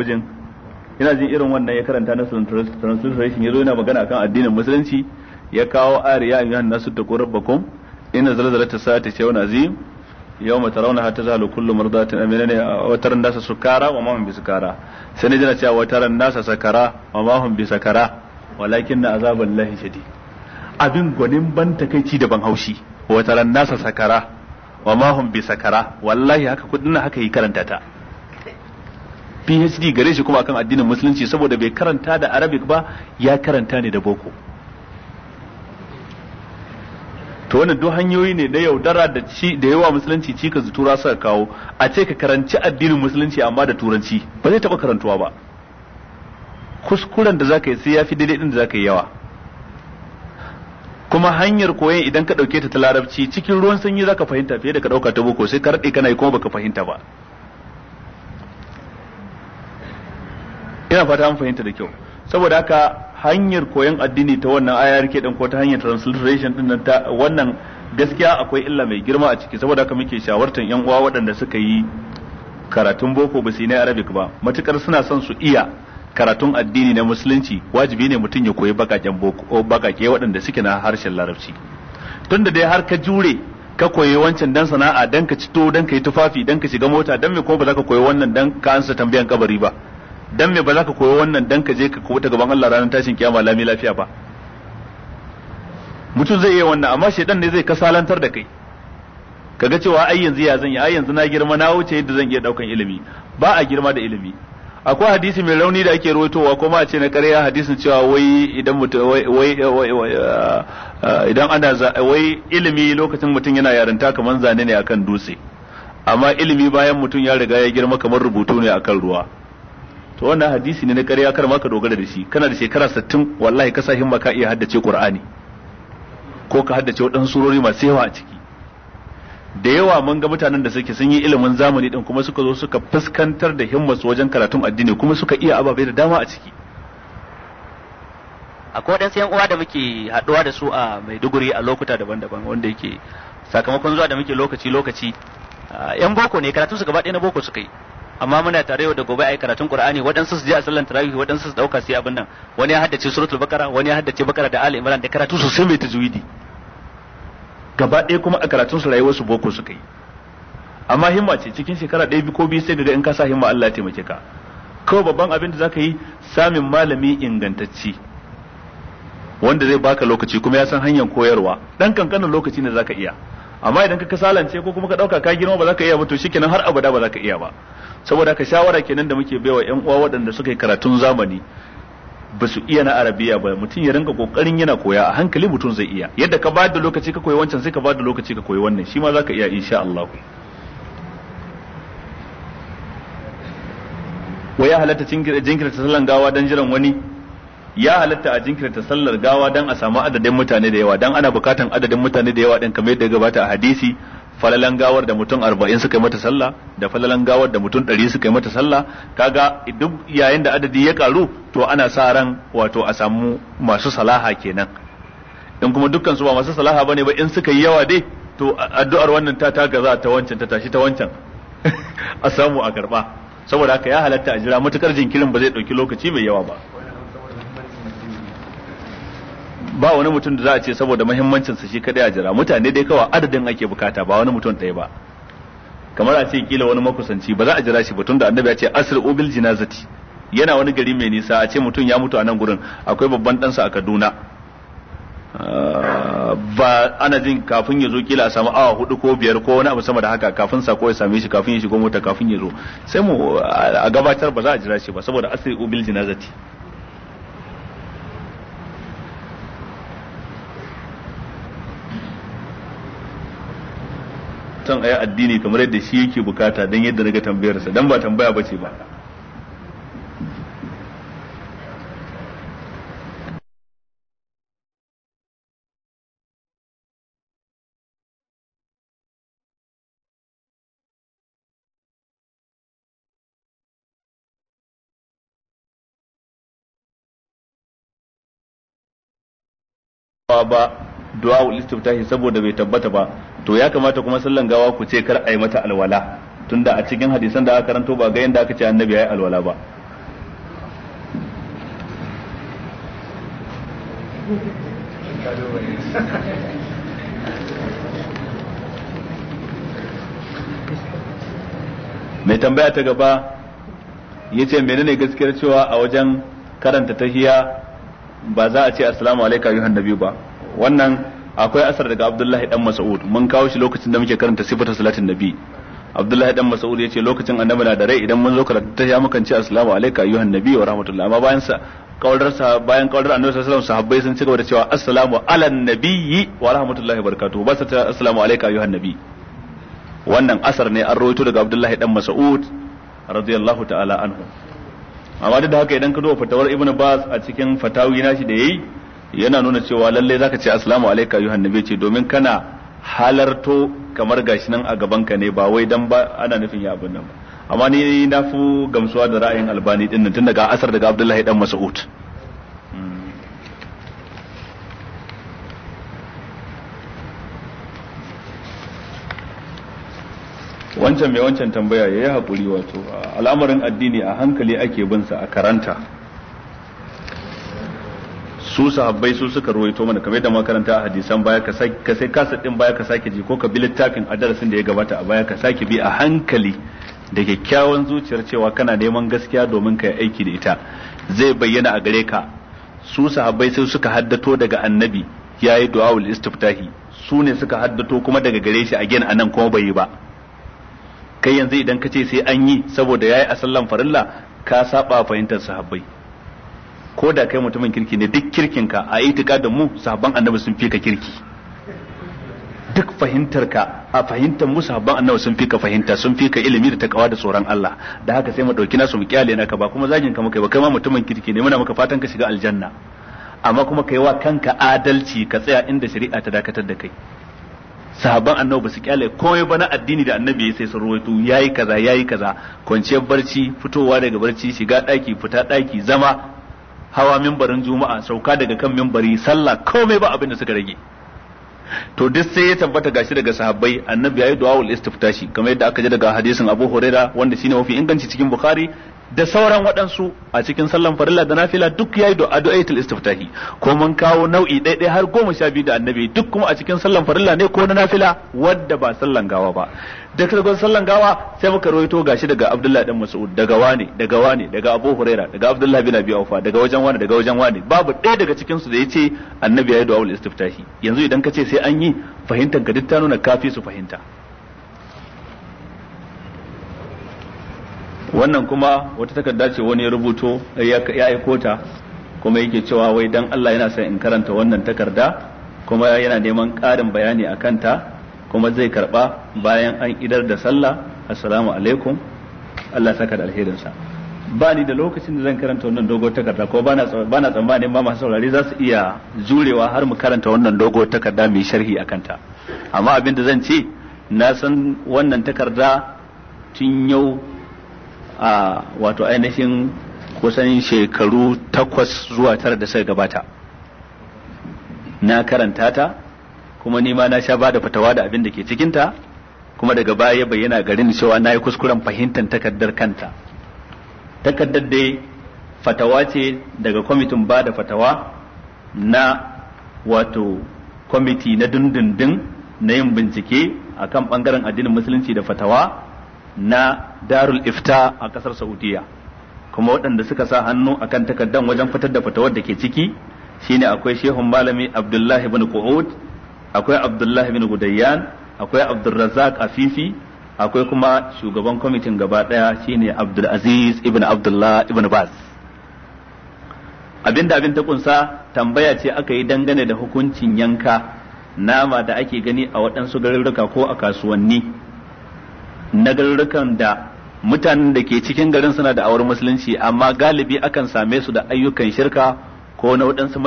mijin ina jin irin wannan ya karanta na translation zo yana magana akan addinin musulunci ya kawo ayar ya ayyuhan nasu taqu rabbakum inna zalzalata sa'ati shay'un azim yawma hatta zalu kullu mardatin aminan wa taran nasa sukara wa ma hum bisukara sai ne jira cewa wa taran nasa sakara wa ma hum na walakinna azaballahi shadid abin gwanin ban takeici da ban haushi wa taran nasa sakara wa ma hum bisakara wallahi haka kudin haka yi karanta ta PhD gare shi kuma akan addinin musulunci saboda bai karanta da Arabic ba ya karanta ne da boko to wannan duk hanyoyi ne na yaudara da ci da yawa musulunci ci ka tura suka kawo a ce ka karanci addinin musulunci amma da turanci ba zai taba karantuwa ba kuskuren da zaka yi sai yafi daidai din da zaka yi yawa kuma hanyar koyon idan ka dauke ta ta larabci cikin ruwan sanyi zaka fahimta fiye da ka dauka ta boko sai ka rade kana yi kuma baka fahimta ba ina fata an fahimta da kyau saboda haka hanyar koyon addini ta wannan IRK dan ko ta hanyar transliteration din nan ta wannan gaskiya akwai illa mai girma a ciki saboda haka muke shawartar yan uwa waɗanda suka yi karatun boko ba su na Arabic ba matukar suna son su iya karatun addini na musulunci wajibi ne mutum ya koyi bakaken boko bakake waɗanda suke na harshen larabci tunda dai har ka jure ka koyi wancan dan sana'a dan ka cito dan ka yi tufafi dan ka shiga mota dan me kuma ba za ka koyi wannan dan ka ansa tambayan kabari ba dan me ba za ka koyi wannan dan ka je ka ta gaban Allah ranar tashin kiyama lami lafiya ba mutum zai iya wannan amma shedan ne zai kasalantar da kai kaga cewa ai yanzu ya zan yi ai yanzu na girma na wuce yadda zan iya daukan ilimi ba a girma da ilimi akwai hadisi mai rauni da ake rawaitowa kuma a ce na ƙarya hadisin cewa wai idan mutum wai ah, idan ana wai ilimi lokacin mutum yana yarinta kamar zane ne akan dutse amma ilimi bayan mutum ya riga ya girma kamar rubutu ne akan ruwa to wannan hadisi ne na ƙarya kar ma ka dogara da shi kana da shekara 60 wallahi ka sa himma ka iya haddace Qur'ani ko ka haddace wadan surori masu yawa a ciki da yawa mun ga mutanen da suke sun yi ilimin zamani din kuma suka zo suka fuskantar da himmarsu wajen karatun addini kuma suka iya ababai da dama a ciki akwai wadansu yan uwa da muke haduwa da su a Maiduguri a lokuta daban-daban wanda yake sakamakon zuwa da muke lokaci lokaci ah, yan boko ne karatu su gaba ɗaya na boko suka yi amma muna tare yau da gobe ai karatun qur'ani waɗansu su je a sallan tarawih waɗansu su dauka sai abin nan wani ya haddace suratul bakara wani ya haddace bakara da ali imran da karatu sosai mai tajwidi gaba ɗaya kuma a karatun su rayuwar su boko suka yi amma himma ce cikin shekara ɗaya bi ko biyu sai daga in ka sa himma Allah ya taimake ka kawai babban abin da zaka yi samin malami ingantacci wanda zai baka lokaci kuma ya san hanyar koyarwa dan kankanin lokaci ne zaka iya amma idan ka kasalance ko kuma ka dauka ka girma ba za ka iya ba to shikenan har abada ba za ka iya ba saboda ka shawara kenan da muke baiwa yan uwa waɗanda suka yi karatun zamani ba su iya na arabiya ba mutum ya rinka kokarin yana koya a hankali mutum zai iya yadda ka ba da lokaci ka koyi wancan sai ka ba da lokaci ka koyi wannan shi ma za ka iya insha Allah waya ya halatta jinkirta sallan gawa dan jiran wani ya halatta a jinkirta sallar gawa dan a samu adadin mutane da yawa dan ana bukatan adadin mutane da yawa din kamar yadda gabata a hadisi falalan gawar da mutum arba'in suka yi mata sallah da falalan gawar da mutum ɗari suka yi mata sallah kaga duk yayin da adadi ya karu to ana sa ran wato a samu masu salaha kenan in kuma dukkan su ba masu salaha bane ba in suka yi yawa dai to addu'ar wannan ta ta gaza ta wancan ta tashi ta wancan a samu a karba saboda haka ya halatta a jira matukar jinkirin ba zai ɗauki lokaci mai yawa ba ba wani mutum da za a ce saboda muhimmancin sa shi kadai a jira mutane dai kawai adadin ake bukata ba wani mutum ɗaya ba kamar a ce kila wani makusanci ba za a jira shi ba tunda annabi ya ce asri'u bil jinazati yana wani gari mai nisa a ce mutum ya mutu a nan gurin akwai babban sa a Kaduna ah, ba ana jin kafin ya zo kila a samu awa hudu ko biyar ko wani abu sama da haka kafin sako ya same shi kafin ya shigo mota kafin ya zo sai mu a gabatar ba za a jira shi ba saboda asiri ubil jinazati son yi addini kamar yadda shi yake bukata don yadda ga tambayarsa don ba tambaya ba ce ba ba du'a ul istiftahi saboda bai tabbata ba to ya kamata kuma sallan gawa ku ce kar a yi mata alwala tunda a cikin hadisan da aka karanto ba ga yanda aka ce annabi ya yi alwala ba mai tambaya ta gaba ya ce menene gaskiyar cewa a wajen karanta tahiya ba za a ce assalamu alaikum yuhan nabi ba wannan akwai asar daga Abdullahi dan Mas'ud mun kawo shi lokacin da muke karanta sifatar salatin nabi Abdullahi dan Mas'ud yace lokacin annabi na da rai idan mun zo karatu ta ya mukan ce assalamu alayka ayuha nabi wa rahmatullahi amma bayan sa kaular sa bayan kaular annabi sallallahu alaihi wasallam sahabbai sun ci gaba da cewa assalamu ala nabiyyi wa rahmatullahi wa barakatuh ba sa ta assalamu alayka ayuha nabi wannan asar ne an rawaito daga Abdullahi dan Mas'ud radiyallahu ta'ala anhu amma duk da haka idan ka duba fatawar Ibn Baz a cikin fatawi nashi da yayi yana nuna cewa lalle zaka ce assalamu alayka ayyuhan nabi ce domin kana halarto kamar gashi nan a gaban ka ne ba wai dan ba ana nufin ya abin nan ba amma ni na fi gamsuwa da ra'ayin albani din nan tun daga asar daga abdullahi dan mas'ud wancan mai wancan tambaya ya yi haƙuri wato al'amarin addini a hankali ake bin sa a karanta su sahabbai su suka ruwaito mana kamar yadda makaranta a hadisan baya ka sai ka sai din baya ka sake ji ko ka bi littafin a darasin da ya gabata a baya ka sake bi a hankali da kyakkyawan zuciyar cewa kana neman gaskiya domin ka yi aiki da ita zai bayyana a gare ka su sahabbai sai suka haddato daga annabi yayi du'aul istiftahi su ne suka haddato kuma daga gare shi a again anan kuma bai yi ba kai yanzu idan ka ce sai an yi saboda yayi a sallan farilla ka saba fahimtar sahabbai ko da kai mutumin kirki ne duk kirkinka a da mu sahabban annabi sun fi ka kirki duk fahimtarka a fahimtar mu sahabban annabi sun fi ka fahimta sun fi ka ilimi da ta takawa da tsoron Allah da haka sai mu dauki nasu mu kyale naka ba kuma zagin ka muka ba kai ma mutumin kirki ne muna maka fatan ka shiga aljanna amma kuma kai wa kanka adalci ka tsaya inda shari'a ta dakatar da kai sahabban annabi su kyale komai ba addini da annabi ya sai sun ruwaito yayi kaza yayi kaza kwanciyar barci fitowa daga barci shiga daki fita daki zama hawa mimbarin juma'a sauka daga kan mimbari sallah komai ba abin da suka rage to duk sai ya tabbata gashi daga sahabbai annabi yayi du'a ul istiftashi kamar yadda aka ji daga hadisin Abu Huraira wanda shine mafi inganci cikin Bukhari da sauran waɗansu a cikin sallan farilla da nafila duk yayi da addu'aitul istiftahi ko mun kawo nau'i ɗaiɗai har goma sha biyu da annabi duk kuma a cikin sallan farilla ne ko na nafila wadda ba sallan gawa ba da kaga sallan gawa sai muka rawaito gashi daga Abdullahi dan Mas'ud daga wani daga wani daga Abu Huraira daga Abdullahi bin Abi awfa daga wajen wani daga wajen wani babu ɗaya daga cikin su da yace annabi yayi du'a istiftahi yanzu idan ka ce sai an yi fahimtar ka duk ta nuna kafi su fahimta wannan kuma wata takarda ce wani ya rubuto ya aiko ta kuma yake cewa wai dan Allah yana son in karanta wannan takarda kuma yana neman ƙarin bayani a kanta kuma zai karba bayan an idar da sallah assalamu alaikum Allah saka da alherinsa ba ni da lokacin da zan karanta wannan dogo takarda ko ba na tsammanin ba masu saurari za su iya jurewa har mu karanta wannan dogo takarda mai sharhi a kanta amma abin da zan ce na san wannan takarda tun yau a wato ainihin kusan shekaru takwas zuwa tara da suka gabata na karanta ta kuma ni ma na sha ba da fatawa da abin da ke cikin ta kuma daga baya ya bayyana garin cewa na yi kuskuren fahimtar takardar kanta takardar dai fatawa ce daga kwamitin ba da fatawa na wato kwamiti na dindindin na yin bincike akan bangaren addinin musulunci da fatawa na darul ifta a kasar saudiya kuma waɗanda suka sa hannu akan takardan wajen fitar da fatawar da ke ciki shine akwai shehun malami abdullahi bin qu'ud akwai abdullahi bin gudayyan akwai a afifi akwai kuma shugaban kwamitin gaba ɗaya shine abdulaziz ibn abdullah ibn baz abinda abin ta kunsa tambaya ce aka yi dangane da hukuncin yanka nama da ake gani a waɗansu garuruka ko a kasuwanni na garurukan da mutanen da ke cikin garin suna da awar musulunci amma galibi akan same su da ayyukan shirka ko na waɗansu